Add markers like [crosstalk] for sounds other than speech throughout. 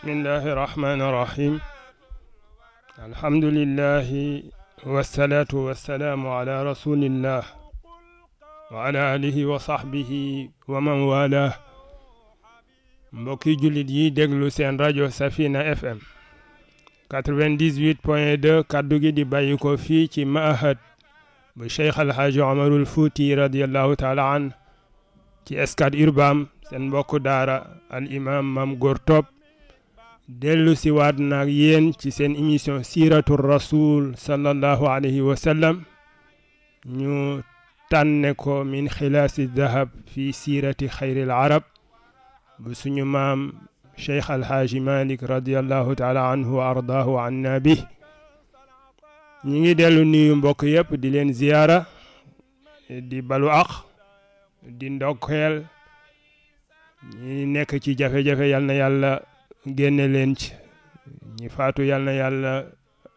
بسم الله الرحمن الرحيم الحمد لله والصلاة والسلام على رسول الله وعلى آله وصحبه ومن والاه مبكي جلدي دغلو سين راديو سفينة اف ام 98.2 كادوغي دي بايكو في تي معهد بشيخ الحاج عمر الفوتي رضي الله تعالى عنه تي اسكاد اربام سين بوكو دارا الامام مام غورتوب dellu si waat naag yéen ci seen émission siiratu rasul sallallahu alayhi wa sallam ñu tànne ko min xilaasi dahab fi siirati xayril arab bu suñu maam cheikh alhaaji malik radiallahu taala anhu wa ardaahu anna bi ñi ngi dellu nuyu mbokk yépp di leen ziyaara di balu aq di ndokkeel ñi nekk ci jafe-jafe yal na yàlla génne leen ci ñi faatu yàlla na yàlla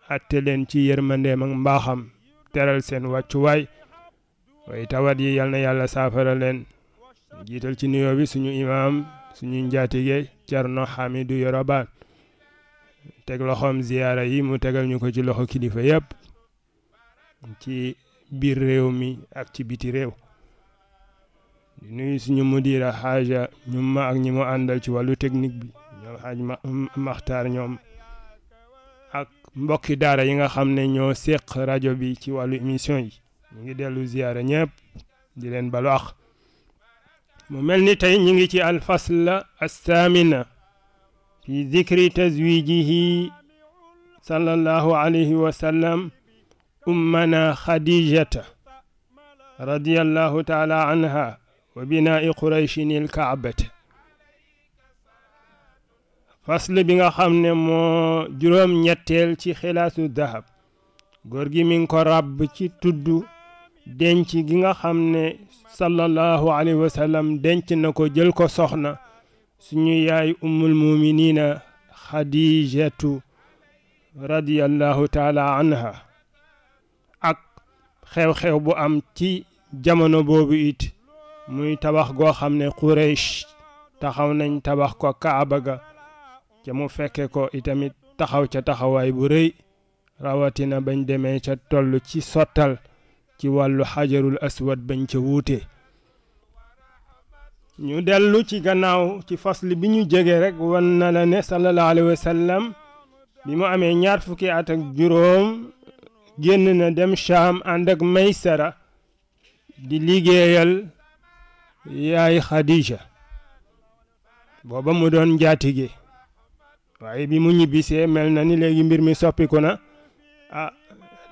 atte leen ci yërmandeem ak mbaxam teral seen wàccuwaay way tawat yi yàlla na yàlla saafara leen jiital ci nuyoo bi suñu imaam suñu njaatige Cerno Hamidou Yoro Ba teg loxoom ziyaara yi mu tegal ñu ko ci loxo kilifa yépp ci biir réew mi ak ci biti réew di nuyu suñu mudira xaaja ñum ma ak ñi mu àndal ci wàllu technique bi Alxaaj Maxtaar ñoom ak mbokki daara yi nga xam ne ñoo séq rajo bi ci wàllu émission yi ñu ngi dellu ziyaara ñëpp di leen balu ax mu mel ni tey ñu ngi ci alfasla assaamina fi zikri tazwijihi sallallahu alayhi wa sallam ummana khadijata radiyallahu taala anha wa binaa'i qurayshin ilkaabata fasle bi nga xam ne moo juróom-ñetteel ci xilaasu dahab góor gi mi ngi ko ràbb ci tudd denc gi nga xam ne sallallahu alayhi wa denc na ko jël ko soxna suñu yay ummul muminina xadijatu radiyallahu taala anha ak xew-xew bu am ci jamono boobu it muy tabax goo xam ne Quraysh taxaw nañ tabax ko Kaaba ga ca mu fekke ko itamit taxaw ca taxawaay bu rëy rawatina bañ demee ca toll ci sottal ci wàllu xajarul aswad bañ ca wuute ñu dellu ci gannaaw ci fasli bi ñu jege rek wan na la ne sallallahu alayhi wa bi mu amee ñaar fukki at ak juróom génn na dem Shaam ànd ak Maysara di liggéeyal yaay Xadija booba mu doon njaatige waaye bi mu ñibbisee mel na ni léegi mbir mi soppiku na ah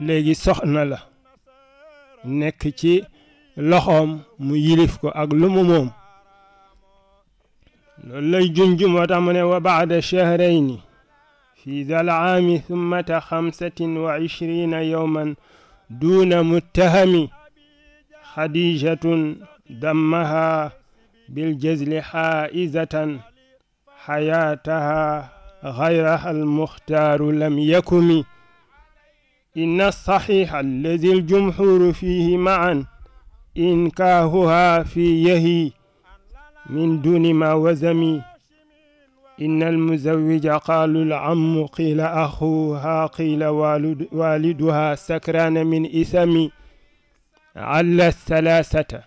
léegi na la nekk ci loxom mu yilif ko ak lu mu moom loolu lay junj moo mu ne wa baada shahrayni fi dal aami thummata xamsatin duuna muttahami xadijatun dammaha biljazli xaaizatan xayaataha غيرها المختار لم يكن إن الصحيح الذي الجمهور فيه معا إنكاهها في يهي من دون ما وزمي إن المزوج قال العم قيل أخوها قيل والد والدها سكران من إثم على الثلاثة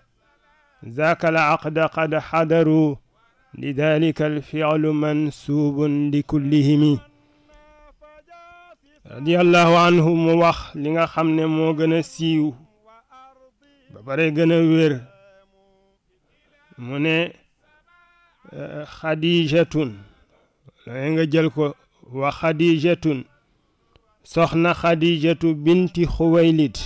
ذاك العقد قد حضروا لذلك الفعل منسوب لكلهم رضي الله عنهم وخ ليغا خامني مو غنا سيو با بري غنا وير من آه، خديجه ليغا جيلكو وخديجه سخنا خديجه بنت خويلد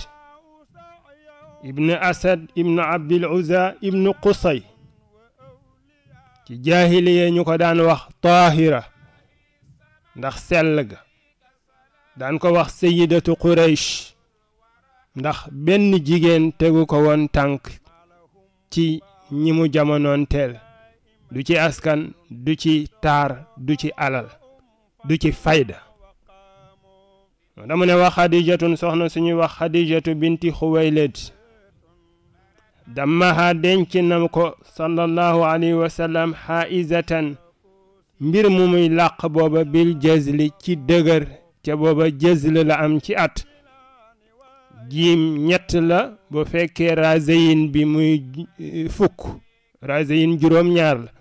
ابن اسد ابن عبد العزى ابن قصي ci jaahiliya ñu ko daan wax taahira ndax sell ga daan ko wax sayidatu quraysh ndax benn jigéen tegu ko woon tànk ci ñimu mu jamonoon teel du ci askan du ci taar du ci alal du ci fayda dama ne wax xadijatun soxna suñuy wax xadijatu binti xuwaylid denc dencinam ko sallallahu alayhi wa sallam haizatan mbir mu muy làq booba bil jazli ci dëgër ca booba jazli la am ci at jiim ñett la bu fekkee razayin bi muy fukk razayin juróom ñaar la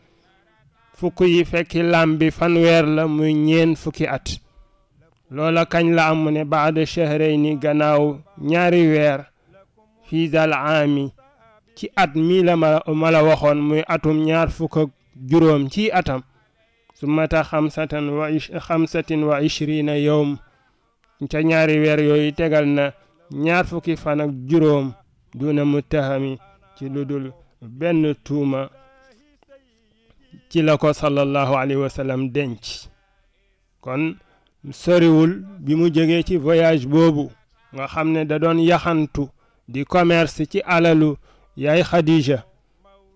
fukk yi fekki lam bi fanweer la muy ñeen fukki at loola kañ la am mu ne baada ni gannaaw ñaari weer fii zal aami ci at mii la ma waxoon muy atum ñaar fukk juróom ci atam sumata xamsatan wa xamsatin wa ishrina yowm ca ñaari weer yooyu tegal na ñaar fukki fan ak juróom duna muttahami ci lu dul benn tuuma ci la ko sallallahu alayhi wa denc kon soriwul bi mu jógee ci voyage boobu nga xam ne da doon yaxantu di commerce ci alalu yaay Khadija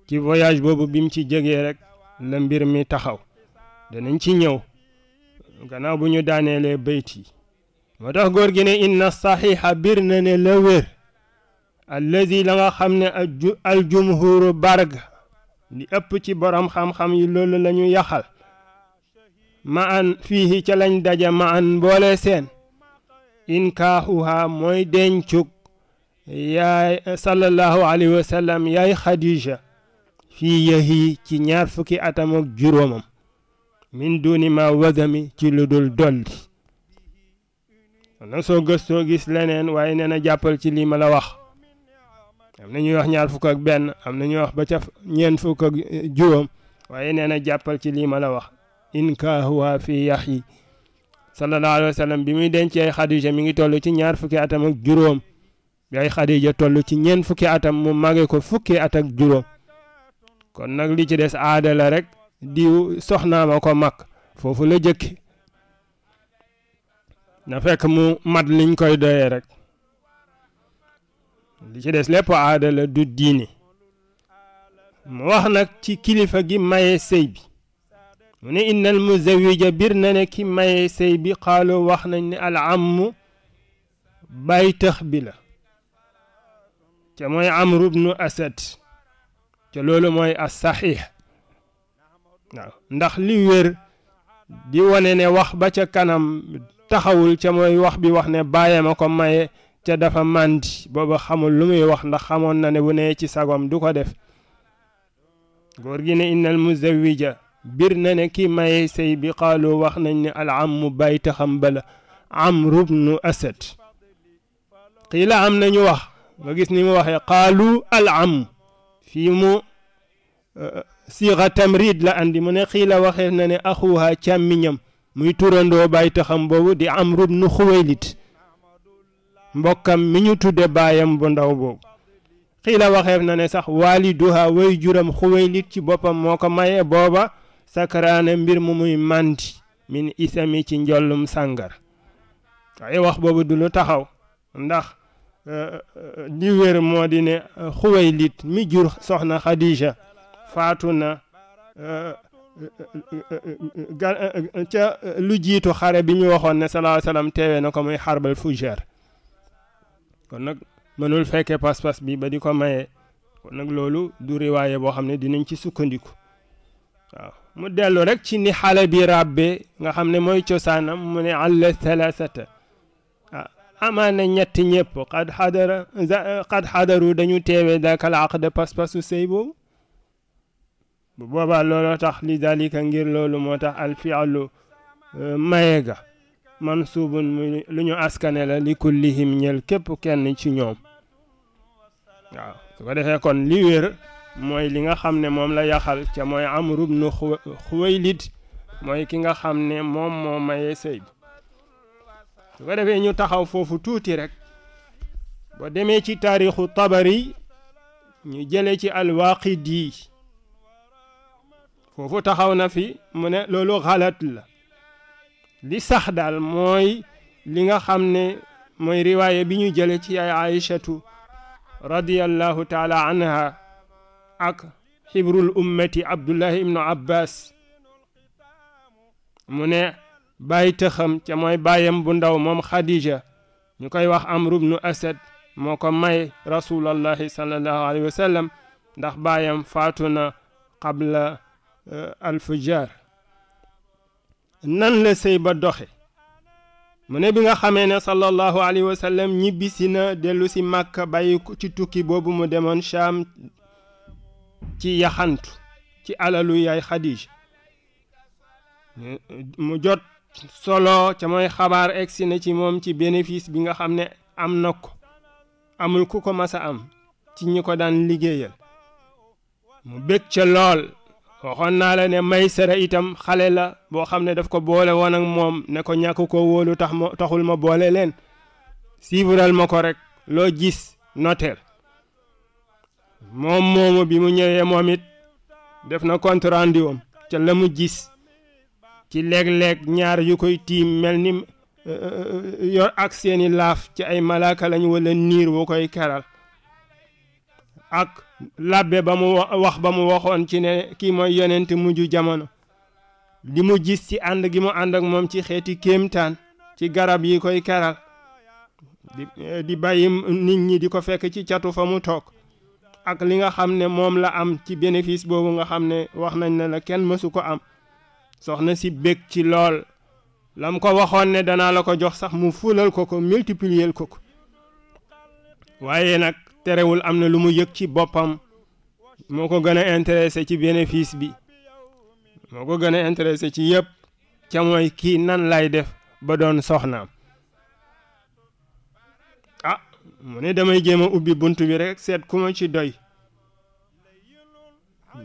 ci voyage boobu bi mu ci jegee rek la mbir mi taxaw danañ ci ñëw gannaaw bu ñu daaneelee bayt yi moo tax góor gi ne inna saxiixa bir na ne la wér allazi la nga xam ne aljumhuru barga li ëpp ci borom xam-xam yi loolu la ñu yaxal ma an fiihi ca lañ daje ma an mboole seen inkaaxuha mooy dencug yaay eh, sallallahu alayhi wa sallam yaay ci ñaar fukki atam ak juróomam min duni ma wasami ci lu dul dolli na soo gëstoo gis leneen waaye neena jàppal ci lii ma la wax am na ñuy wax ñaar fukk ak benn am na ñuy wax ba ca ñeent fukk ak eh, juróom waaye nee na jàppal ci lii ma la wax in kaahuwa fii yaxyi sallallahu alayhi wa bi muy dencee xadija mi ngi toll ci ñaar fukki atam ak juróom bay khadija tollu ci ñen fukki atam mu magge ko fukki atak juro kon nak li ci dess aade la rek diw soxna mako mak fofu la jëkki na fek mu mat liñ koy doye rek li ci dess lépp aade la du diini mu wax nak ci kilifa gi maye sëy bi mu inna al muzawwija bir na ne ki maye sëy bi qalu wax nañ ni al bay baytax bi la ca mooy amru bnu asad ca loolu mooy as saxiix ndax li wér di wane ne wax ba ca kanam taxawul ca mooy wax bi wax ne bàyyam a ko maye ca dafa màndi booba xamul lu muy wax ndax xamoon na ne bu nee ci sagoom du ko def góor gi ne innal muzawija bir na ne kii maye sëy bi xaalu wax nañ ne al ammu bàyyi taxam bala amru bnu asad xiila am nañu wax nga gis ni mu waxee qaalu al am fii mu euh, siixa tamrid la andi mu ne xiila waxee na ne axuha càmmiñam muy turandoo bàyyi taxam boobu di am bnu xuwaylit mbokkam mi ñu tudde baayam bu ndaw boobu xiila waxeef na ne sax waaliduha way juram xuwaylit ci boppam moo ko maye booba sakaraane mbir mu muy màndi min isami ci njollum sàngar waaye wax boobu du lu taxaw ndax li wér moo di ne euh, xuwaylit mi jur soxna Xadija faatu na euh, euh, ca lu jiitu xare bi ñu waxoon ne salaahu salaam teewee na ko muy xarbal fujar kon nag mënul fekkee pas-pas bi ba di ko maye kon nag loolu du riwaaye boo xam ne dinañ ci sukkandiku waaw mu dellu rek ci ni xale bi ràbbe nga xam ne mooy cosaanam mu ne àll thalathata amaana ñett ñëpp xad xadara xad dañu teewee daakal aqda pas-pasu sëy boobu bu boobaa looloo tax li dalika ngir loolu moo tax al fialu e, maye ga mansuubun lu ñu askane la li kullihim ñel képp kenn ci ñoom waaw su ko kon li wér mooy li nga xam ne moom la yaxal ca mooy amru bnu xuwaylid mooy ki nga xam ne moom moo maye sëy su ko defee ñu taxaw foofu tuuti rek boo demee ci taarixu tabari ñu jële ci alwaaqidi foofu taxaw na fi mu ne loolu xalat la li sax daal mooy li nga xam ne mooy riwaaya bi ñu jële ci ay aïchatu radiyallahu taala anha ak xibrul ummati abdullahi ibnu abbas mu ne bàyyi tëxam ca mooy bàyyam bu ndaw moom Khadija ñu koy wax Amru bnu Asad moo ko may rasulallahi sallallahu alaihi wasallam sallam ndax bàyyam faatu na qabla alfujar nan la sëy ba doxe mu bi nga xamee ne sallallahu alaihi wasallam ñibisina ñibbisi na dellu si màkka bàyyi ci tukki boobu mu demoon Shaam ci yaxantu ci alalu yaay Khadija mu jot solo ca mooy xabaar egsi na ci moom ci bénéfice bi nga xam ne am na ko amul ku ko masa am ci ñi ko daan liggéeyal mu bég ca lool waxoon naa la ne may sara itam xale la boo xam ne daf ko boole woon ak moom ne ko ñàkk ko wóolu tax ma taxul ma boole leen siivaral ma ko rek loo gis noteel moom moomu bi mu ñëwee moom it def na compte rendu am ca la mu gis ci léeg-léeg ñaar yu koy tiim mel ni euh, euh, euh, yor ak seeni laaf ci ay malaaka lañu wala niir wu koy keral ak làbbe ba mu wax ba mu waxoon ci ne kii mooy yonent mujj jamono li mu gis ci ànd gi mu ànd ak moom ci xeeti kéemtaan ci garab yi koy keral di bàyyi nit ñi di ko fekk ci catu fa mu toog ak li nga xam ne moom la am ci bénéfice boobu nga xam ne wax nañ ne la kenn mësu ko am soxna si bég ci lool lam ko waxoon ne danaa la ko jox sax mu fulal ko ko multiplier ko ko waaye nag terewul am na lu mu yëg ci boppam moo ko gën a intéressé ci bénéfice bi moo ko gën a intéressé ci yépp ca mooy kii nan lay def ba doon soxnaam ah mu ne damay jéem a ubbi bunt bi rek seet ku ma ci doy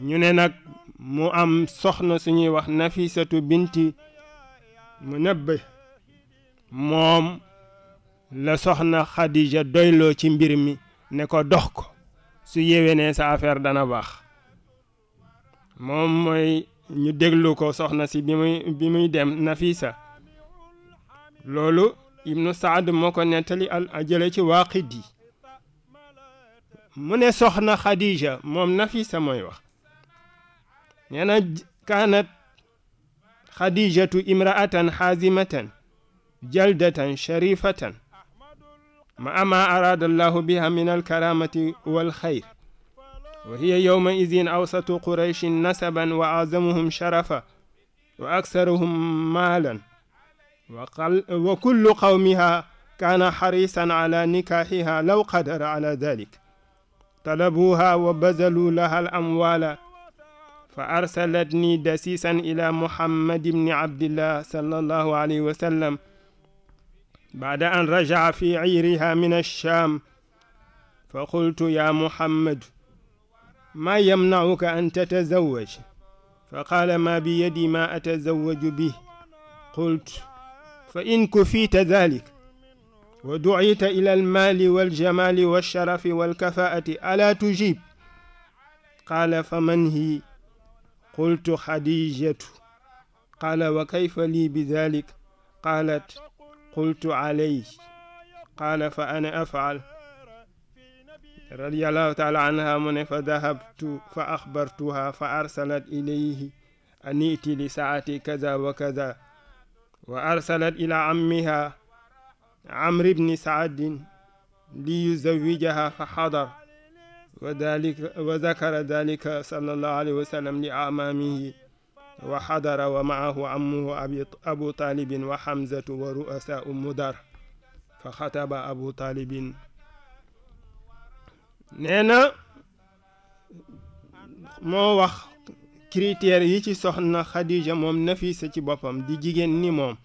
ñu ne nag mu am soxna suñuy wax nafisatu binti munabbe nëbbe moom la soxna Xadija doyloo ci mbir mi ne ko dox ko su yéwénee sa affaire dana baax moom mooy ñu déglu ko soxna si bi muy bi muy dem nafisa loolu ibnu saad moo ko nettali al jële ci waaqid yi mu ne soxna Xadija moom nafisa mooy wax نانا كانت خديجة امرأة حازمة جلدة شريفة ما أما أراد الله بها من الكرامة والخير وهي يومئذ أوسط قريش نسبا وأعظمهم شرفا وأكثرهم مالا وكل قومها كان حريصا على نكاحها لو قدر على ذلك طلبوها وبذلوا لها الأموال فأرسلتني دسيسا إلى محمد بن عبد الله صلى الله عليه وسلم بعد أن رجع في عيرها من الشام فقلت يا محمد ما يمنعك أن تتزوج فقال ما بيدي ما أتزوج به قلت فإن كفيت ذلك ودعيت إلى المال والجمال والشرف والكفاءة ألا تجيب قال فمن هي قلت خديجة قال وكيف لي بذلك قالت قلت عليه قال فأنا أفعل رضي الله تعالى عنها من فذهبت فأخبرتها فأرسلت إليه أن ائت لساعة كذا وكذا وأرسلت إلى عمها عمرو بن سعد ليزوجها فحضر وذلك وذكر ذلك صلى الله عليه وسلم لأمامه وحضر ومعه عمه أبو طالب وحمزة ورؤساء مدر فخطب أبو طالب نينا مو وخ كريتير يتي سخنا خديجة موم نفي ستي بفم دي جيجين ني موم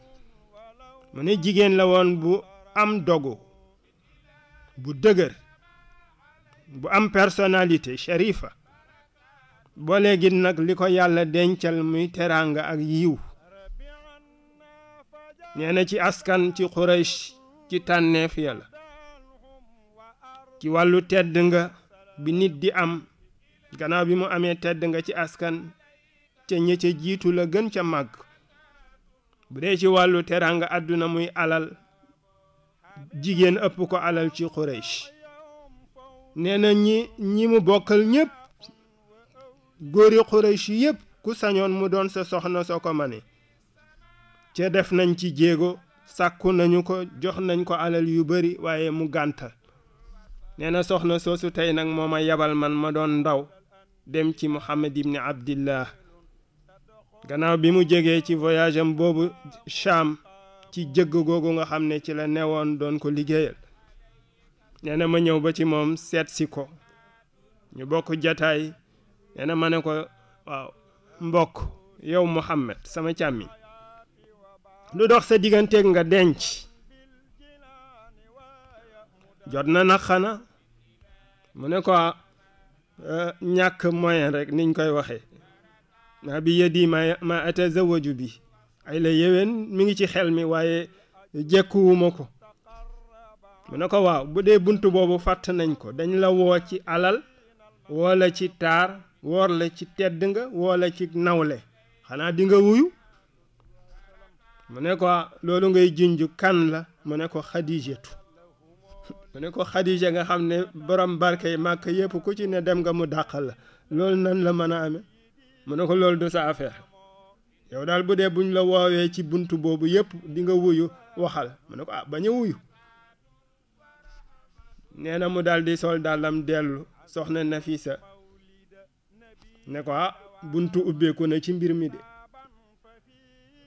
مني جيجين لون بو أم دوغو بو دغر bu am personnalité sharifa boo léegi nag li ko yàlla dencal muy teraanga ak yiw nee na ci askan ci Quraysh ci tànneef ya la ci wàllu tedd nga bi nit di am gannaaw bi mu amee tedd nga ci askan ca ña ca jiitu la gën ca màgg bu dee ci wàllu teraanga àdduna muy alal jigéen ëpp ko alal ci Quraysh nee na ñi ñi mu bokkal ñépp góori Quraysh yépp ku sañoon mu doon sa soxna soo ko mane ca def nañ ci jéego sàkku nañu ko jox nañ ko alal yu bari waaye mu gàntal nee na soxna soosu tey nag moo ma yabal man ma doon ndaw dem ci Muhammad ibni Abdillah gannaaw bi mu jegee ci voyage boobu Cham ci jëgg googu nga xam ne ci la newoon doon ko liggéeyal nee ma ñëw ba ci moom seet si ko ñu bokk jataay nee na ma ne ko waaw mbokk yow Muhammad sama càmmiñ lu dox sa digganteeg nga denc jot na nag xanaa mu ne ko ah, ñàkk moyen rek niñ koy waxee maa bi yëddi ma ma atazawaju bi ay la yéwén mi ngi ci xel mi waaye jekkuwuma ko mu ne ko waaw bu dee bunt boobu fàtt nañ ko dañ la woo ci alal woo la ci taar woor la ci tedd nga woo la ci nawle xanaa di nga wuyu mu ne ko ah, loolu ngay junju kan la mu ne ko xadijatu [laughs] mu ne ko xadija nga xam ne borom barke yi màkk yëpp ku ci ne dem nga mu dàqal la loolu nan la mën a amee mu ne ko loolu du sa affaire yow daal bu dee buñ la woowee ci bunt boobu yëpp di nga wuyu waxal mu ne ko ah bañ a wuyu nee na mu daldi sol dàllam dellu soxna Nafisa ne ko ah buntu ubbeeku na ci mbir mi de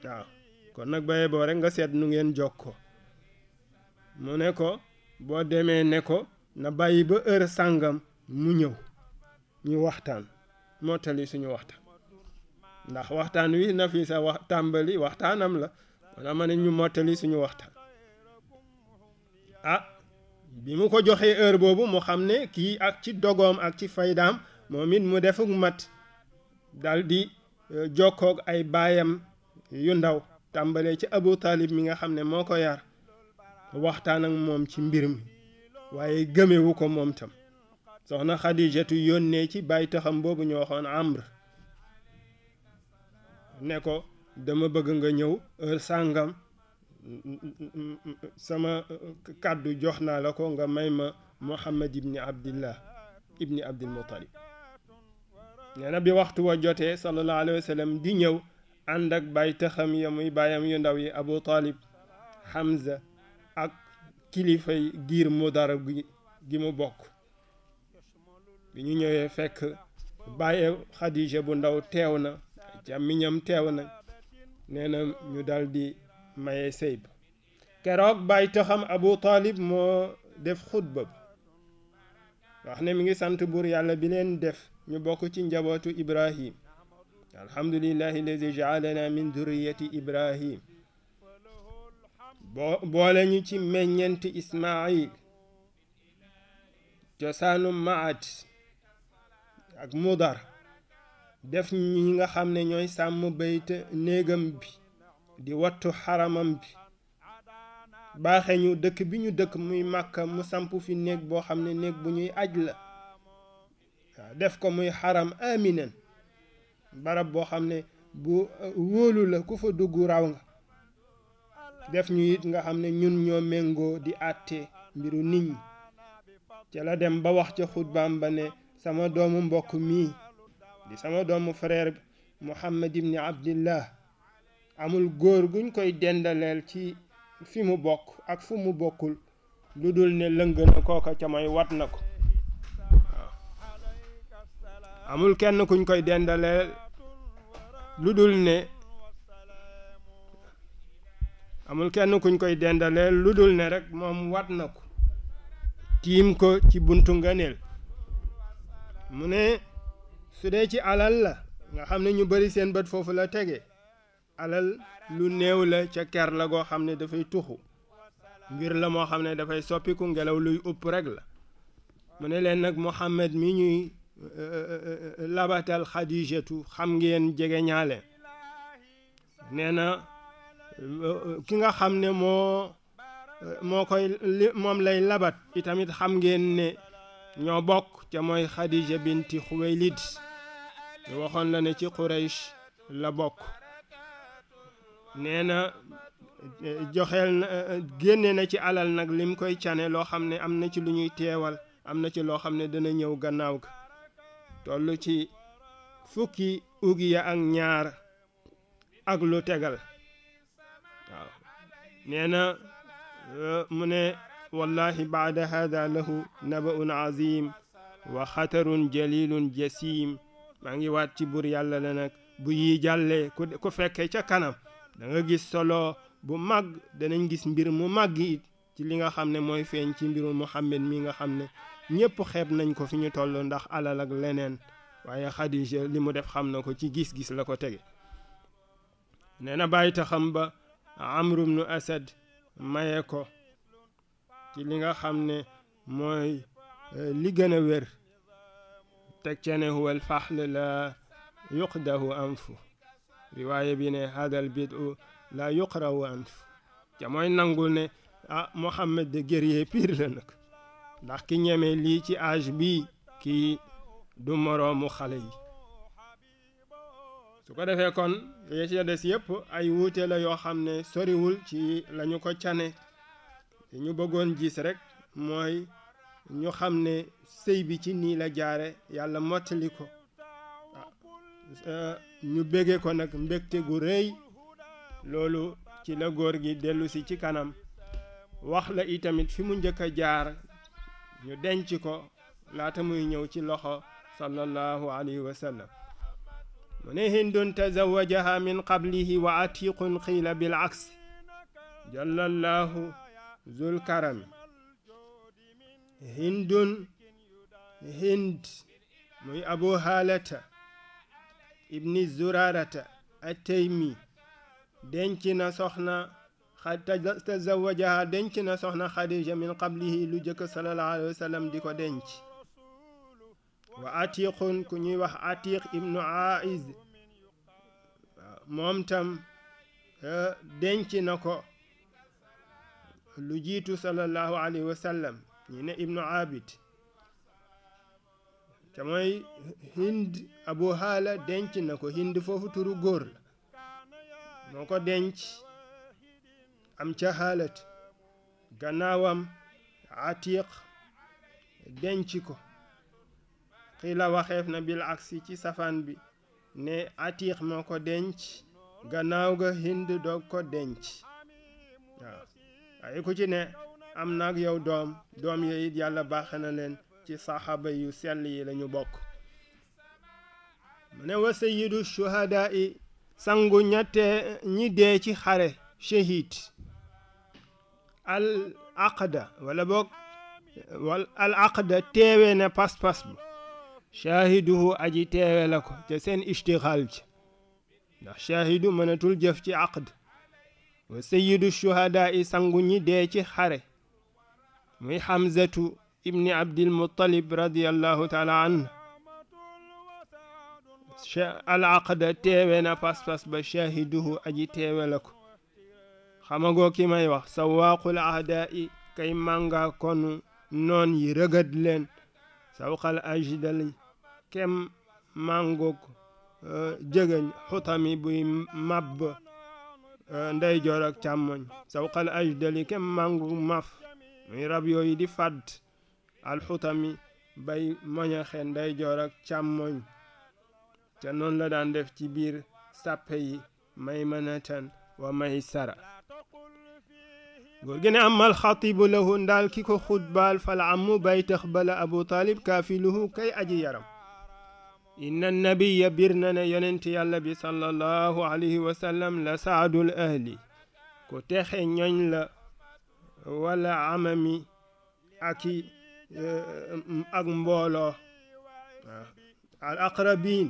waaw kon nag baye boo rekk nga seet nu ngeen jokk ko mu ne ko boo demee ne ko na bàyyi ba heure sàngam mu ñëw ñu waxtaan mottali suñu waxtaan ndax waxtaan wi Nafisa wax tàmbali waxtaanam la a ma ne ñu mottali suñu waxtaan ah bi mu ko joxee heure boobu mu xam ne kii ak ci dogoom ak ci faydaam moom it mu defuk mat daldi euh, jokkook ay baayam yu ndaw tàmbalee ci abu taalib mi nga xam ne moo ko yar waxtaan ak moom ci mbir mi waaye gëmewu ko moom tam soxna xadijatu yónnee ci bàyyi taxam boobu ñu waxoon amr ne ko dama bëgg nga ñëw heure sàngam sama eh, eh, kàddu jox naa la ko nga may ma muhammad ibni abdillah ibni abdil muttalib nee bi waxtu wa jotee sallallahu alayhi di ñëw ànd ak bàyyi taxam ya muy baayam yu ndaw yi abu talib hamza ak kilifay giir dara gi gi mu bokk bi ñu ñëwee fekk bàyyi xadija bu ndaw teew na jàmmiñam teew na nee ñu daldi maye sëy ba keroog bàyyi taxam abu taalib moo def xutba bi wax ne mi ngi sant buur yàlla bi leen def ñu bokk ci njabootu ibrahim alhamdulillahi alladi jaalana min duriyati ibrahim boo boole ñu ci meññenti ismail cosaanu maat ak mudar def ñi nga xam ne ñooy sàmm bayt néegam bi di wattu xaramam bi baaxe dëkk bi ñu dëkk muy màkka mu samp fi néeg boo xam ne néeg bu ñuy aj la def ko muy xaram aminan barab boo xam ne bu uh, wóolu la ku fa dugg raw nga def ñu it nga xam ne ñun ñoo méngoo di àtte mbiru nit ñi ca la dem ba wax ca xutbaam ba ne sama doomu mbokk mii di sama doomu frère bi Muhammad ibni Abdillah amul góor guñ koy dendaleel ci fi mu bokk ak fu mu bokkul lu dul ne lëng na kooka ca may wat na ko waaw amul kenn kuñ koy dendaleel lu dul ne kenn kuñ koy dendaleel lu dul ne rek moom wat na ko tiim ko ci buntu ngëneel mu ne su dee ci alal la nga xam ne ñu bari seen bët foofu la tege alal lu néew la ca ker la goo xam ne dafay tuxu ngir la moo xam ne dafay soppiku ngelaw luy upp rek la mu ne leen nag Muhammad mi ñuy euh, euh, euh, labatal Xadijatu xam ngeen jege ñaale nee na ki nga xam ne moo moo koy moom lay labat itamit xam ngeen ne ñoo bokk ca mooy Xadija binti Xuwaylid waxoon la ne ci Quraysh la bokk nee na eh, eh, joxeel na eh, génne na ci alal nag lim koy cane loo xam ne am na ci lu ñuy teewal am na ci loo xam ne dana ñëw gannaaw ga toll ci fukki ugiya ak ñaar ak lu tegal waaw nee na mu ne wallahi baada hada lahu nabaun azim wa xatarun jalilun jasim maa ngi waat ci buur yàlla la nag bu yi jàllee ku fekke ca kanam da nga gis solo bu mag danañ gis mbir mu mag it ci li nga xamne moy feñ ci mbiru Muhammad mi nga xamne ñëpp xeb nañ ko fiñu tollu ndax alal ak leneen waye khadija limu def xamna ko ci gis-gis la ko tege neena na bàyyi taxam ba amr ibn Asad maye ko ci li nga xamne moy mooy li gën a wér teg cene huwal fahl la yuqdahu anfu waaye bi ne hadal bidu la yuqrawu anf te mooy nangul ne ah Mohammed de guerrier pire la nag ndax ki ñeme lii ci âge bii kii du moroomu xale yi su ko defee kon li ci ay wuute la yoo xam ne soriwul ci lañu ko cane li ñu bëggoon jiis rekk mooy ñu xam ne sëy bi ci nii la jaare yàlla mottali ko ah, euh, ñu bégge ko nag mbegte gu rëy loolu ci la góor gi dellusi ci kanam wax la itamit fi mu njëkk a jaar ñu denc ko laata muy ñëw ci loxo sallallahu alayhi wa sallam mu ne hindun tazawajaha min qablihi wa atiqun xiila bil aks hindun hind muy abu haalata ibni zurarata ataymi denc na soxna tazawajaha denc na soxna xadija min qablihi lu jëkk sallallahu alayhi wa di ko denc wa atiqun ku ñuy wax atiq ibnu aiz moom tam denc na ko lu jiitu sallallahu alayhi wa sallam ne ibnu abid te mooy hind abu haala denc na ko hind foofu turu góor la moo ko denc am ca haalat gannaawam atiq denc ko la waxeef na bil aksi ci safaan bi ne atiq moo ko denc gannaaw ga hind doog ko denc waaw waaye ku ci ne am naag yow doom doom yooyu yàlla baaxe na leen ci saxaaba yu sell yi lañu bokk mu ne wa sayyidu shuhadaa yi sangu ñette ñi dee ci xare shahid al aqda wala boog wal al aqda teewee na pas-pas bu shaahiduhu aji teewe la ko te seen istixaal ci ndax shaahidu mënatul jëf ci aqd wa sayyidu shuhadaa sangu ñi dee ci xare muy xamzatu ibni abdil muttalib radiyallahu taala an al aqda teewe pas-pas ba shaahiduhu aji teewe la ko xamagoo ki may wax sawaaqul ahdaa kay mànga konu noon yi rëgët leen sawqal ajdali kem màngoog euh, jëgëñ xutami buy màbb euh, ndeyjoor ak càmmoñ sawqal ajdali kem màngoog maf muy rab yooyu di fàdd alxutami bay moñaxe ndeyjoor ak càmmoñ te noonu la daan def ci biir sàppe yi maymanatan wa maysara góor gi ne amal xatibu lahu ki ko xutbaal fal amu bay tax bala abu taalib kaafiluhu kay aji yaram inna nabiya bir na ne yonent yàlla bi sallallahu la saadul ahli ku texe ñooñ la wala amami aki ak mbolo al aqrabin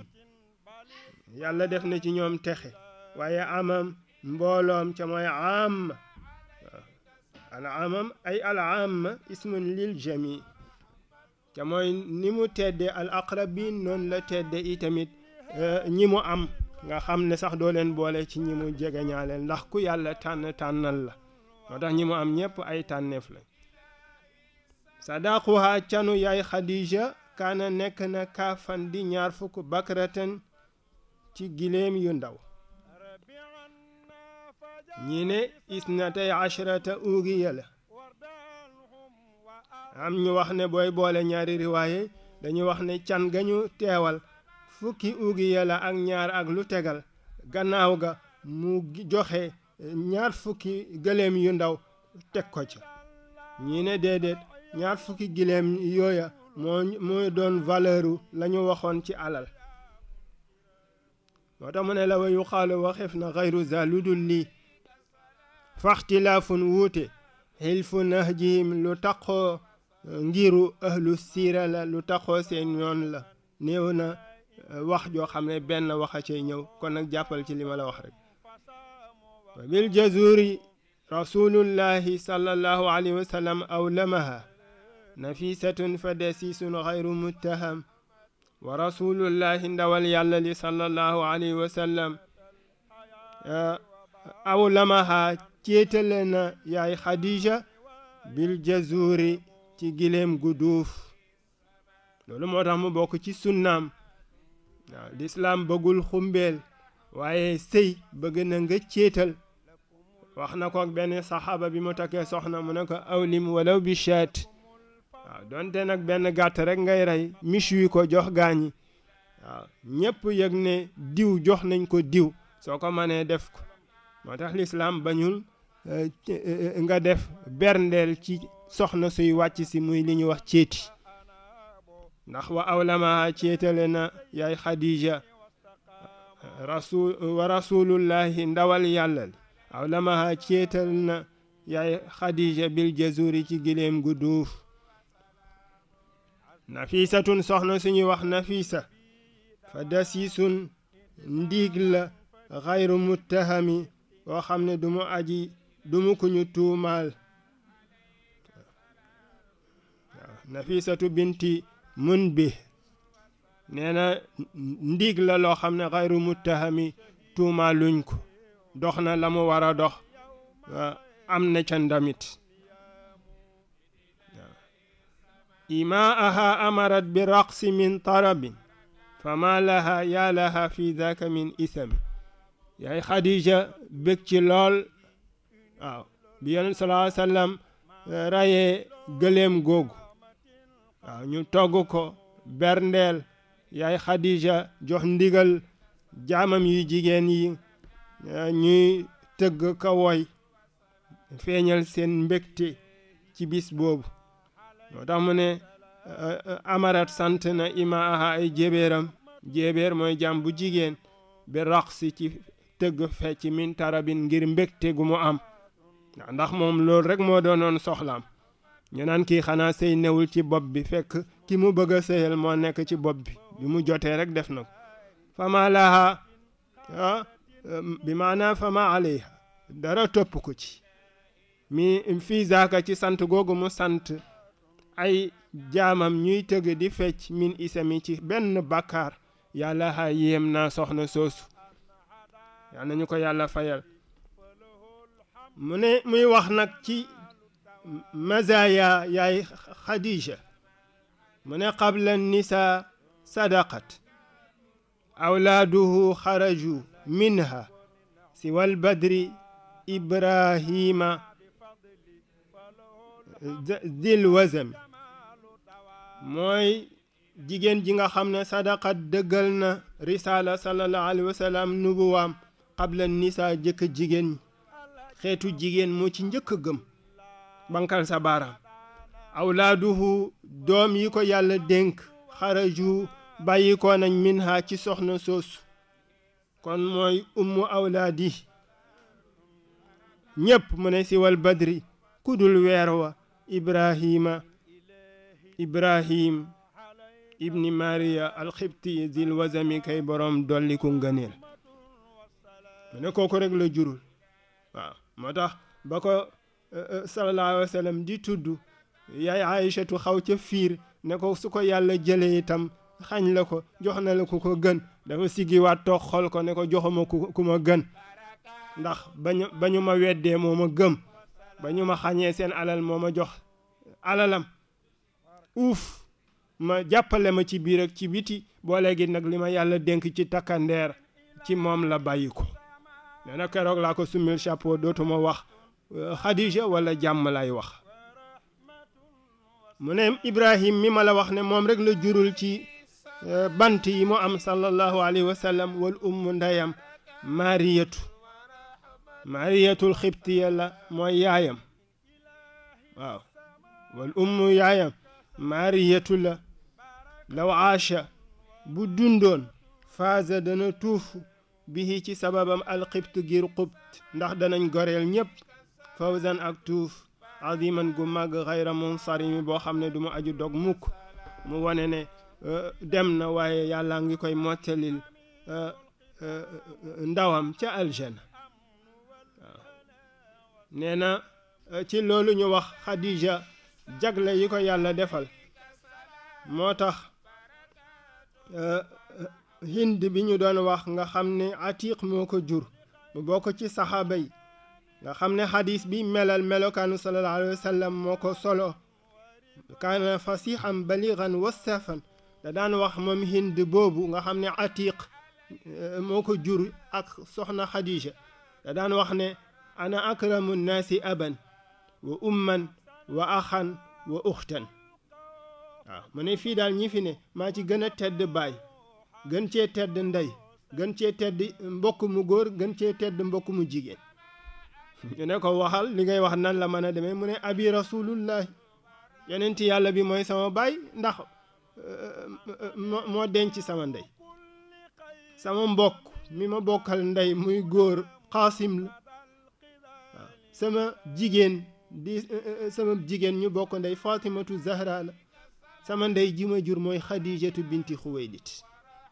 yàlla def na ci ñom texe waye amam mbolom ci moy am al amam ay al am ismun lil jami ci moy ni mu tedde al aqrabin non la tedde itamit ñi mu am nga xamne sax do len bolé ci ñi mu jégañalé ndax ku yàlla tan tanal la motax ñi mu am ñëpp ay tanef lañ sadaaquha canu yaay kan kaana nekk na kaafan di ñaar fukk bakraten ci giléem yu ndaw ñi ne isnatay asharata uuriya la am ñu wax ne booy boole ñaari riwaaye dañu wax ne can gañu teewal fukki uuriya la ak ñaar ak lu tegal gannaaw ga mu joxe ñaar fukki gëléem yu ndaw teg ko ca ñi déedéet ñaar fukki giléem yooya moo mooy doon valeuru lañu waxoon ci alal moo tax mu ne la wa yuqaalu waxeef na xayru za lu dul lii faxtilaafun wuute xilfu nahjihim lu taqoo ngiru ahlu siira la lu taxoo seen yoon la néew na eh, wax joo xam ne benn waxa cee ñëw kon nag jàppal ci li ma la wax rek wa bil jazuri rasulullahi sallallahu alayhi wa sallam awlamaha nafisatun fa dasisun xayru muttaham wa rasulullahi ndawal yàlla li sallallahu alayhi wa sallam eh, aw bil jazuuri ci gileem gu duuf loolu moo tax mu bokk ci sunnaam waaw lislaam bëggul xumbeel waaye sëy bëgg na nga céetal wax na ko ak benn saxaaba bi mu takkee soxna mu ne ko awlim walaw bi shaat waaw donte nag benn gàtt rek ngay rey miche wi ko jox gaañi waaw ñépp yëg ne diw jox nañ ko diw soo ko mënee def ko moo tax lislaam bañul euh, nga def berndeel ci soxna suy wàcc si muy li ñu wax céeti ndax wa awlamaha céetale na yaay xadija rasul wa rasulullahi ndawal yàllal awlamaha céetal na yaay xadija bil jazuri ci gileem gu duuf nafisatun soxna suñuy wax nafisa fa dasisun ndiig la xayru muttahami boo xam ne du mu aji du ku ñu tuumaal waaw nafisatu binti mun bi nee na ndiig la loo xam ne xayru muttahami tuumaaluñ ko dox na la mu war a dox am na ca ndamit إماءها أمرت برقص من طرب فما لها يا لها في ذاك من إثم yaay Khadija bég ci lool waaw bi yonent salaa sallam rayee gëléem googu waaw ñu togg ko berndeel yaay Khadija jox ndigal jaamam yu jigéen yi ñuy tëgg ka woy feeñal seen mbégte ci bis boobu moo tax mu ne amarat sant na ima aha ay jébeeram jébeer mooy jàm bu jigéen bi raqsi ci tëgg fecc min tarabin ngir mbégte gu mu am ndax moom loolu rek moo doonoon soxlaam ñu naan kii xanaa sëy newul ci bopp bi fekk ki mu bëgg a sëyal moo nekk ci bopp bi bi mu jotee rek def na ko fama laha bi maanaa fama alayha dara topp ko ci mi fii zaaka ci sant googu mu sant ay jaamam ñuy tëgg di fecc min isami ci benn bàkkaar yàlla ha yéem naa soxna soosu yal nañu ko yàlla fayal mu ne muy wax nag ci mazaya yaay xadija mu ne qabla nisa sadaqat awladuhu xaraju minha siwal badri ibrahima dil wazam mooy jigéen ji nga xam ne sadaqat dëggal na risaala sallallahu alayhi wa sallam nubuwaam nisa jëkk jigéen ñi xeetu jigéen moo ci njëkk gëm bankal sa baaraam awlaaduhu doom yi ko yàlla dénk xaraju bàyyi ko nañ min ci soxna soosu kon mooy ummu awlaadi ñépp mu ne siwal badri kudul weer wa ibrahima ibrahim ibni maria alxibti zil wazami kay borom dolli ku ngëneel mu ne kooku rek la jurul waaw moo tax ba ko euh, euh, sallallahu alayhi wa sallam di tudd yaay aïchatu xaw ca fiir ne ko su ko yàlla jëlee itam xañ la ko jox na la ku ko gën dafa siggiwaat toog xool ko ne ko joxuma ku ku ma gën ndax bañu ba ñu ma weddee moo ma gëm ba ñu ma xañee seen alal moo ma jox alalam ouf ma jàppale ma ci biir ak ci biti bo legi nak lima yàlla dénk ci takander ci mom la bayiko nena nee la ko sumil chapeau dotuma wax khadija wala jam lay wax munem ibrahim mi mala wax ne mom rek la jurul ci bant yi mu am sallallahu alayhi wa sallam wal um ndayam mariyatu mariyatul xibtiya la mooy yaayam waaw wal um yayam maariyatu la law aasha bu dundoon faaza dana tuufu bihi ci sababam alxibt ngir xubt ndax danañ goreel ñépp fawzan ak tuuf aziman gu màgg xayra munsarimi boo xam ne duma aju dog mukk mu wone ne euh, dem na waaye yàlla ngi koy mottalil euh, euh, ndawam ca aljana waaw nee ci loolu ñu wax xadija jagle yi ko yàlla defal moo tax hind bi ñu doon wax nga xam ne atiq moo ko jur bu bokk ci saxaaba yi nga xam ne xadis bi melal melokaanu sallallahu alayhi wa sallam moo ko solo kaana fasixan baligan wasafan da daan wax moom hind boobu nga xam ne atiq moo ko jur ak soxna xadija da daan wax ne ana akramu nnaasi aban wa umman wa axan wa uxtan waaw mu ne fii daal ñi fi ne maa ci gën a tedd baay gën cee tedd ndey gën cee tedd mbokk mu góor gën cee tedd mbokk mu jigéen ñu ne ko waxal li ngay wax nan la mën a demee mu ne abi rasulullahi yonent yàlla bi mooy sama baay ndax moo denc sama ndey sama mbokk mi ma bokkal ndey muy góor xaasim la ah, sama jigéen di sama jigen ñu bokk ndey fatimatu zahra la sama ndey jima jur moy khadijatu binti khuwaylid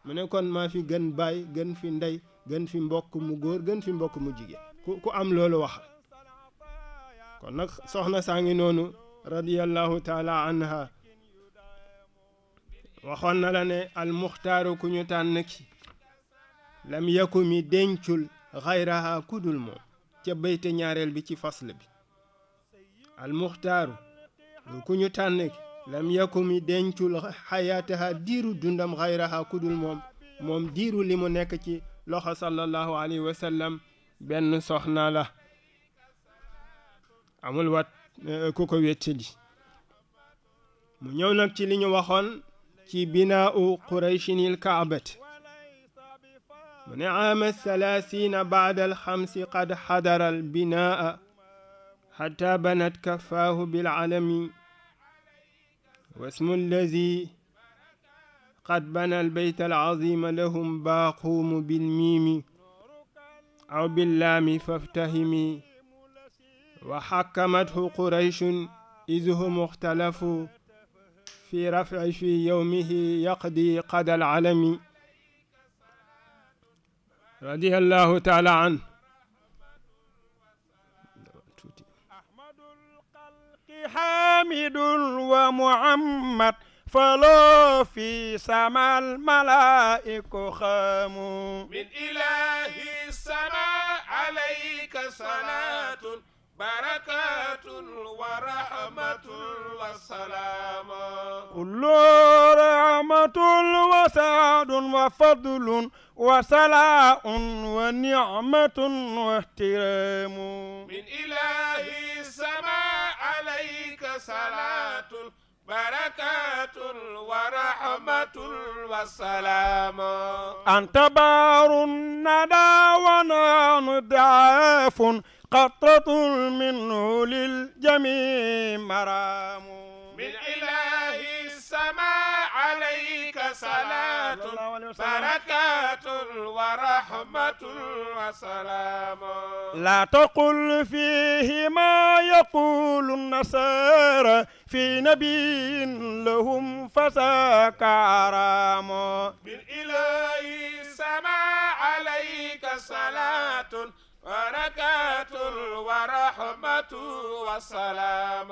mune kon ma fi gën bay gën fi ndey gën fi mbokk mu góor gën fi mbokk mu jigéen ku ku am lolu wax kon nak soxna sangi nonu radiyallahu taala anha waxon na la ne al almuxtaaru ku ñu tan ki lam yakumi denchul ghayraha kudul mo ci beyte ñaarel bi ci fasl bi almuxtaaru muy ku ñu tànn lam yakumi dencul xayaataha diiru dundam xayraha kudul moom moom diiru li mu nekk ci loxo sallallahu alayhi wa sallam benn soxna la amul wat ku ko wettali mu ñëw nag ci li ñu waxoon ci binaau quraychinil kaabat mu ne aama salaasina baada alxamsi qad xadara albinaa حتى بنت كفاه بالعلم واسم الذي قد بنى البيت العظيم لهم باقوم بالميم أو باللام فافتهمي وحكمته قريش إذ هم اختلفوا في رفع في يومه يقضي قد العلم رضي الله تعالى عنه حامد ومحمد فلو في سما الملائك خام من إله السماء عليك صلاة بركات ورحمة وسلام كل رحمة وسعد وفضل وسلاء ونعمة واحترام من إله السماء صلاة بركات ورحمة والسلام أنت بار ندى ونان ضعاف قطرة منه للجميع مرام إنما عليك صلاة بركات ورحمة وسلام لا تقل فيه ما يقول النصارى في نبي لهم فساك عرام من سما عليك صلاة بركات ورحمة والسلام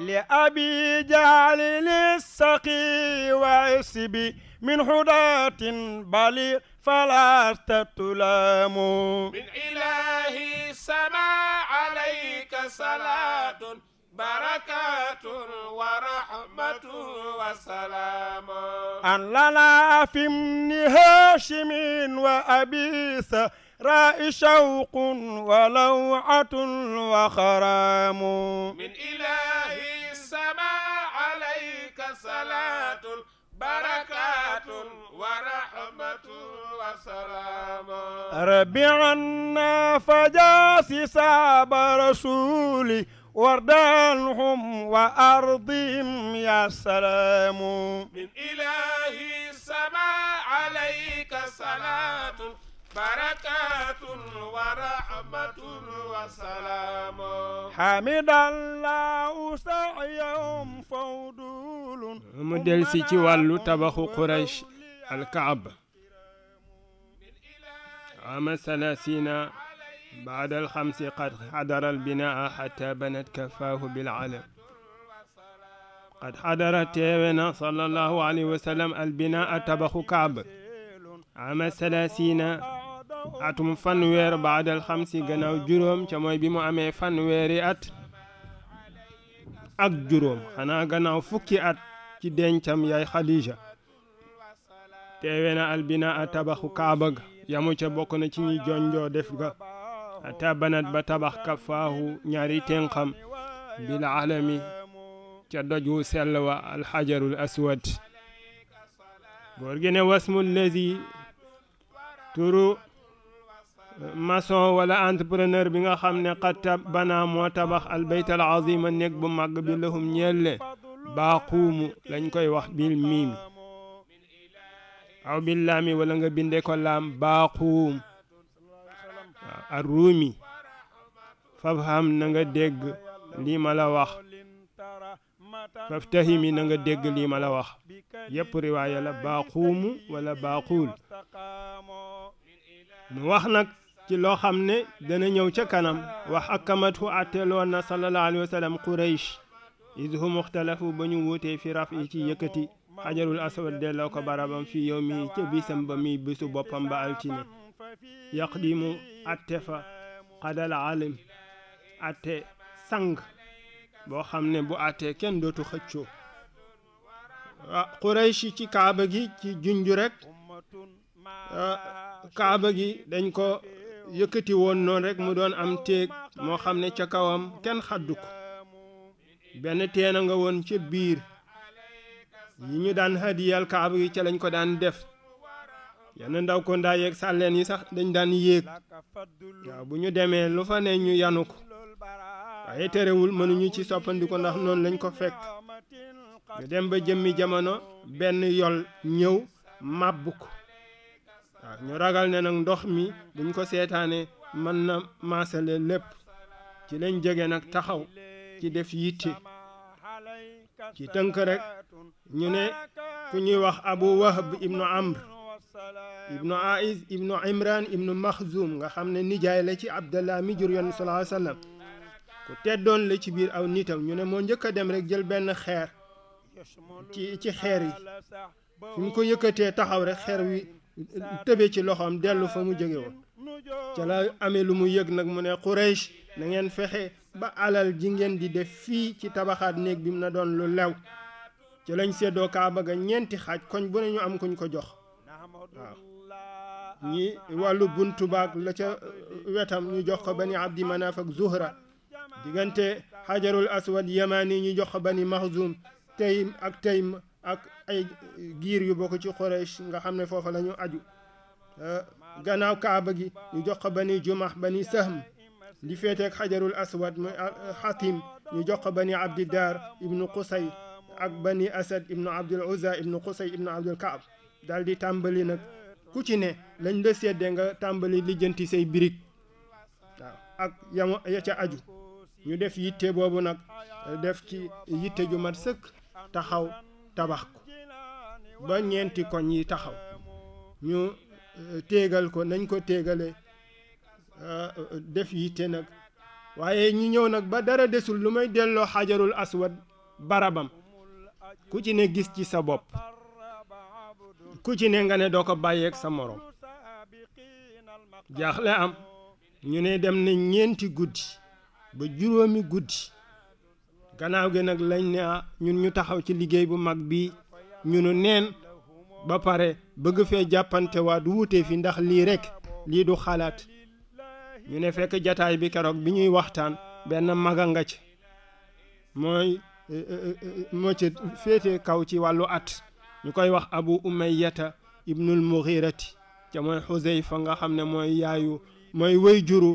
لأبي جعل السقي وعسبي من حداة بل فلا تتلام من إلهي سما عليك صلاة بركة ورحمة وسلام أن لنا في ابن هاشم وأبيس الذكرى شوق ولوعة وخرام من إله السماء عليك صلاة بركات ورحمة وسلام ربي عنا فجاس ساب رسولي وردانهم وأرضهم يا سلام من إله السماء عليك صلاة بركات ورحمة وسلام حمد الله سعيهم فودول مدل سيتي والو تبخ قريش الكعب عام الثلاثين بعد الخمس قد حضر البناء حتى بنت كفاه بالعلم قد حضرت تيبنا صلى الله عليه وسلم البناء تبخ كعب عام الثلاثين atum fanweer baadal si gannaaw juróom ca mooy bi mu amee fanweeri at ak juróom xanaa gannaaw fukki at ci dencam yaay Xadija teewe na albina a tabaxu kaaba ga yamu ca bokk na ci ñi jonjoo def ga a tabanat ba tabax kafaahu ñaari tenqam bil alami ca doj wu sell wa alxajarul aswad góor gi lezi turu maçon wala entrepreneur bi nga xam ne xatta banaa moo tabax albayt al azima néeg bu màgg bi lahum ñelle baaquumu lañ koy wax bil miim aw bil laami wala nga binde ko laam baaquum ar ruumi fafham na nga dégg lii ma la wax faftahimi na nga dégg lii ma la wax yépp riwaaya la baaquumu wala baaquul mu wax nag ci loo xam ne dana ñëw ca kanam wax akkamathu àtteeloon na sallallahu alayhi wa sallam quraysh idhum ixtalafu ba ñu wuutee fi raf yi ci yëkkati xajarul aswad delloo ko barabam fi yow mi ca bisam ba muy bisu boppam ba altine yaqdimu atte fa xadal alim atte sang boo xam ne bu àttee kenn dootu xëccoo ah Quraysh ci kaaba gi ci junju rek kaaba gi dañ ko yëkkati woon noonu rek mu doon am téeg moo xam ne ca kawam kenn xaddu ko benn teen a nga woon ci biir yi ñu daan hadiyal kaaba gi ca lañ ko daan def yenn ndaw ko ndaa yeeg sàlleen yi sax dañ daan yéeg waaw bu ñu demee lu fa ne ñu yanu ko waaye terewul mënuñu ci soppandiku ndax noonu lañ ko fekk ñu dem ba jëmmi jamono benn yol ñëw màbb ko waaw ñu ragal ne nag ndox mi buñ ko seetaanee mën na maasale lépp ci lañ jege nag taxaw ci def yitte ci tënk rek ñu ne ku ñuy wax abu wahab ibnu amr ibnu aiz ibnu imran ibnu maxzum nga xam ne nijaay la ci abdallah mi jur yoon salaa sallam ku teddoon la ci biir aw nitam ñu ne moo njëkk a dem rek jël benn xeer ci xeer yi fi mu ko yëkkatee taxaw rek xeer wi tëbe ci loxoom dellu fa mu jóge woon ca la amee lu mu yëg nag mu ne Quraysh na ngeen fexe ba alal ji ngeen di def fii ci tabaxaat néeg bi mu na doon lu lew ci lañ seddoo Kaaba ga ñeenti xaaj koñ bu ne ñu am kuñ ko jox waaw ñi wàllu buntu baag la ca uh, wetam ñu jox ko bani Abdi Manaf ak Zuhra diggante xajarul aswad yamaani ñu jox ko bani Maxzum Taym ak Taym ak ay giir yu bokk ci Quraysh nga xam ne foofa aju gannaaw kaaba gi ñu jox ko bani jumax bani sahm li féeteeg xajarul aswad muy xatim ñu jox ko bani abdidar ibnu qusay ak bani asad ibnu abdul uza ibnu qusay ibnu abdul kaab daal di tàmbali nag ku ci ne lañ la seddee nga tàmbali lijjanti say birig waaw ak yamu ya ca aju ñu def yitte boobu nag def ci yitte ju mat sëkk taxaw tabax ko ba ñeenti koñ yi taxaw ñu euh, téegal ko nañ ko téegale euh, euh, def yi yitte nag waaye ñu ñëw nag ba dara desul lu may delloo xajarul aswad barabam ku ci ne gis ci sa bopp ku ci ne nga ne doo ko bàyyeeg sa moroom jaaxle am ñu ne dem na ñeenti guddi ba juróomi guddi gannaaw gi nag lañ ne ah ñun ñu taxaw ci liggéey bu mag bi ñu neen ba pare bëgg fee jàppante waa du wuute fi ndax lii rek lii du xalaat ñu ne fekk jataay bi keroog bi ñuy waxtaan benn maga nga ci mooy eh, eh, eh, moo ci féete kaw ci wàllu at ñu koy wax abu umayyata ibnul mughirati ca mooy xuseyfa nga xam ne mooy yaayu mooy wëy juru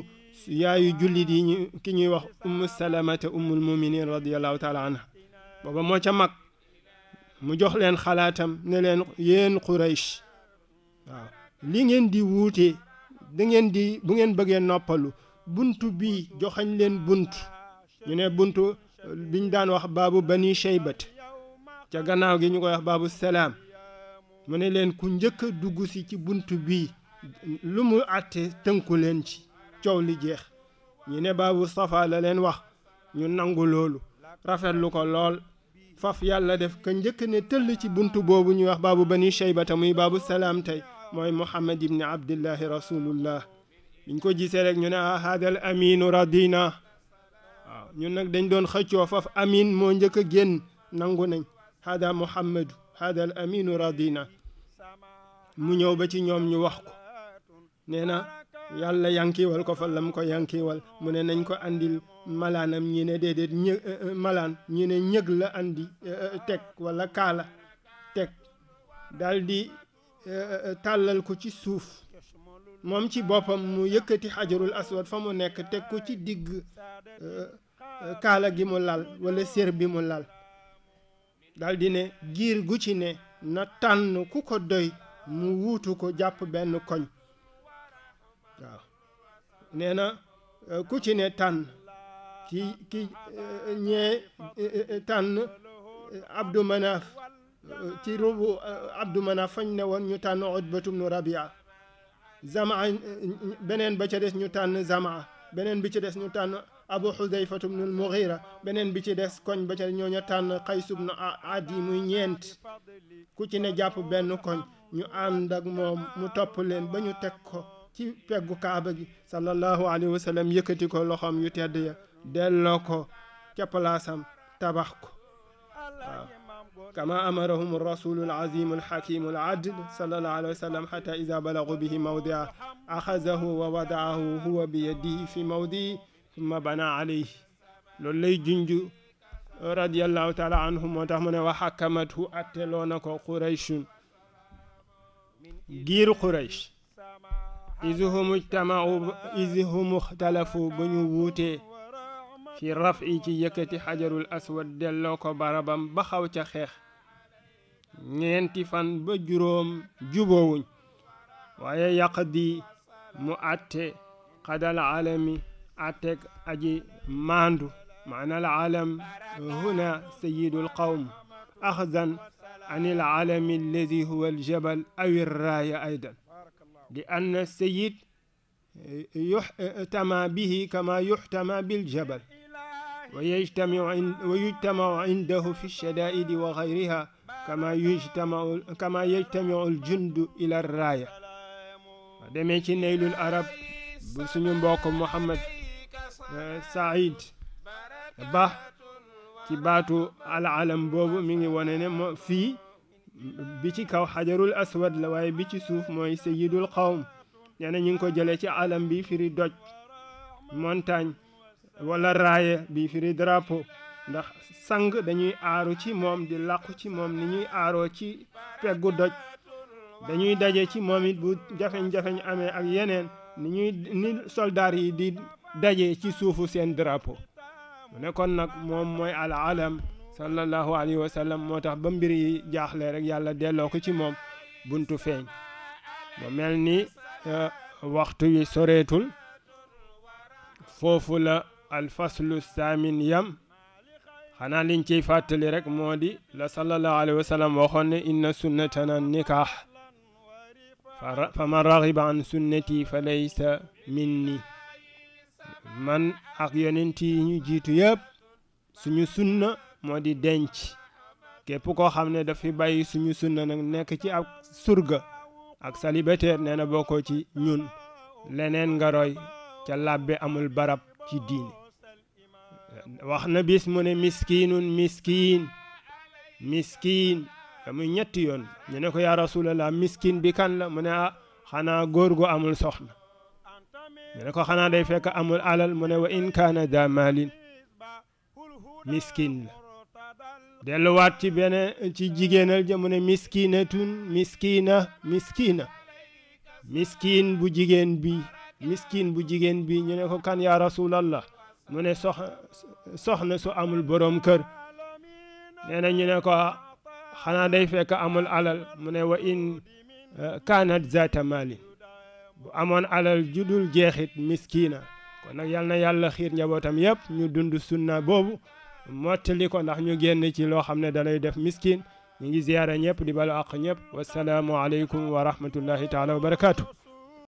yaayu jullit yi ñu ki ñuy wax ummu salamata ummul muminin radiallahu taala booba moo ca mag mu jox leen xalaatam ne leen yéen Quraysh waaw li ngeen di wuute dangeen di bu ngeen bëggee noppalu bunt bi joxañ leen bunt ñu ne bunt biñ daan wax baabu bani shaybat ca gannaaw gi ñu koy wax baabu salaam mu ne leen ku njëkk a dugg si ci bunt bi lu mu àtte tënku leen ci coow li jeex ñu ne baabu safa la leen wax ñu nangu loolu rafetlu ko lool faf yàlla def ka njëkk ne tëll ci bunt boobu ñuy wax baabu bani cheybata muy baabu salaam tey mooy muhammad ibni abdillahi rasulullah biñ ko gisee rek ñu ne ah haadal aminu radina waaw ñun nag dañ doon xëccoo faf amin moo njëkk a génn nangu nañ haada muhammadu haadal aminu radina mu ñëw ba ci ñoom ñu wax ko nee na yàlla yankiwal ko fa lam ko yankiwal mu ne nañ ko andil malaanam ñi ne déedéet ñë eh, eh, malaan ñi ne ñëg la andi eh, teg walla kaala teg daldi tàllal ko ci suuf moom ci boppam mu yëkkati xajarul aswad fa mu nekk teg ko ci digg kaala gi mu lal wala sér bi mu lal daldi ne giir gu ci ne na tànn ku ko doy mu wuutu ko jàpp benn koñ waaw nee na euh, ku ci ne tànn euh, euh, ci ki ñee tànn Abdou Manaf fañ ne woon ñu tànn Utbatu bnu Rabia Zamaa beneen ba ca des ñu tànn Zamaa beneen bi ci des ñu tànn Abu Xudayfatu bnu Mugira beneen bi ci des koñ ba ca ñooñu tànn Xaysu bnu Adi muy ñeent ku ci ne jàpp benn koñ ñu ànd ak moom mu topp leen ba ñu teg ko ci peggu kaaba gi sallallahu alayhi wasallam yëkëti ko loxom yu tedd ya delloo ko ca palaasam tabax ko كما أمرهم الرسول العظيم الحكيم العدل صلى الله عليه وسلم حتى إذا بلغ به موضع أخذه ووضعه هو بيده في موضع ثم بنى عليه للي جنجو رضي الله تعالى عنهم وتحمنا وحكمته أتلونك قريش غير قريش izhum ijtamaau izhum ixtalafu ba ñu wuutee fi rafi ci yëkkati xajarul aswad delloo ko barabam ba xaw ca xeex ñeenti fan ba juróom juboowuñ waaye yaqdi mu àtte xadal alami àtteeg aji maandu maanal alam huna sayidul qawm axzan anil alami alladi huwa aljabal awi raaya aydan li ann sayid eh, yuxtama eh, bihi kama yuxtama biljabal wa yujtamiu wa yujtamacu indahu fi lshadaidi wa gayriha kama yujtamacu kama yujtamicu ljundu ila raaya wa demee ci neylul arab bu suñu mbokk Mouhamed eh, Saïd Ba ci baatu alalam boobu mi ngi wane ne moo fii bi ci kaw xajarul aswad la waaye bi ci suuf mooy sayidul xawm nee na ñu ngi ko jëlee ci alam bi firi doj montagne wala raaye bi firi darapo ndax sang dañuy aaru ci moom di làqu ci moom ni ñuy aaroo ci peggu doj dañuy daje ci moom it bu jafeñ-jafeñ amee ak yeneen ni ñuy ni soldaar yi di daje ci suufu seen drapeau mu ne nag moom mooy al alam sallallahu alayhi wa moo tax ba mbir yi jaaxle rek yàlla delloo ko ci moom buntu feeñ mel ni e, waxtu wi soreetul foofu la alfaslu saamin yam xanaa ciy fàttali rek moo di la sallallahu alayhi wa sallam waxoon sunnatana nikah fa man raxiba sunnati fa laysa minni man ak yonent ñu jiitu yëpp suñu sunna moo di denc képp koo xam ne dafi bàyyi suñu sunna nag nekk ci ab surga ak célibataire nee na bokkoo ci ñun leneen nga roy ca làbbe amul barab ci diine wax na bis mu ne miskiinun miskiin miskiin damuy ñetti yoon ñu ne ko yaa rasulallah miskiin bi kan la mu ne ah xanaa góor gu amul soxna ñu ne ko xanaa day fekk amul alal mu ne wa in kaana maalin miskiin la delluwaat ci beneen ci jigéenal ja mu ne miskinatun miskina miskina miskiin bu jigéen bi miskin bu jigéen bi ñu ne ko kan yaa rasulallah mu ne sox soxna su amul boroom kër nee ñu ne ko ah, xanaa day fekk amul alal mu ne wa in eh, kaanat zata bu amoon alal judul jeexit miskina kon nag yal na yàlla xiir njabootam yépp ñu dund sunna boobu mottali ko ndax ñu génn ci loo xam ne dalay def miskin ñu ngi ziyaara ñëpp di balu àq ñëpp wasalaamu aleykum wa rahmatullahi taala wa barakaatu.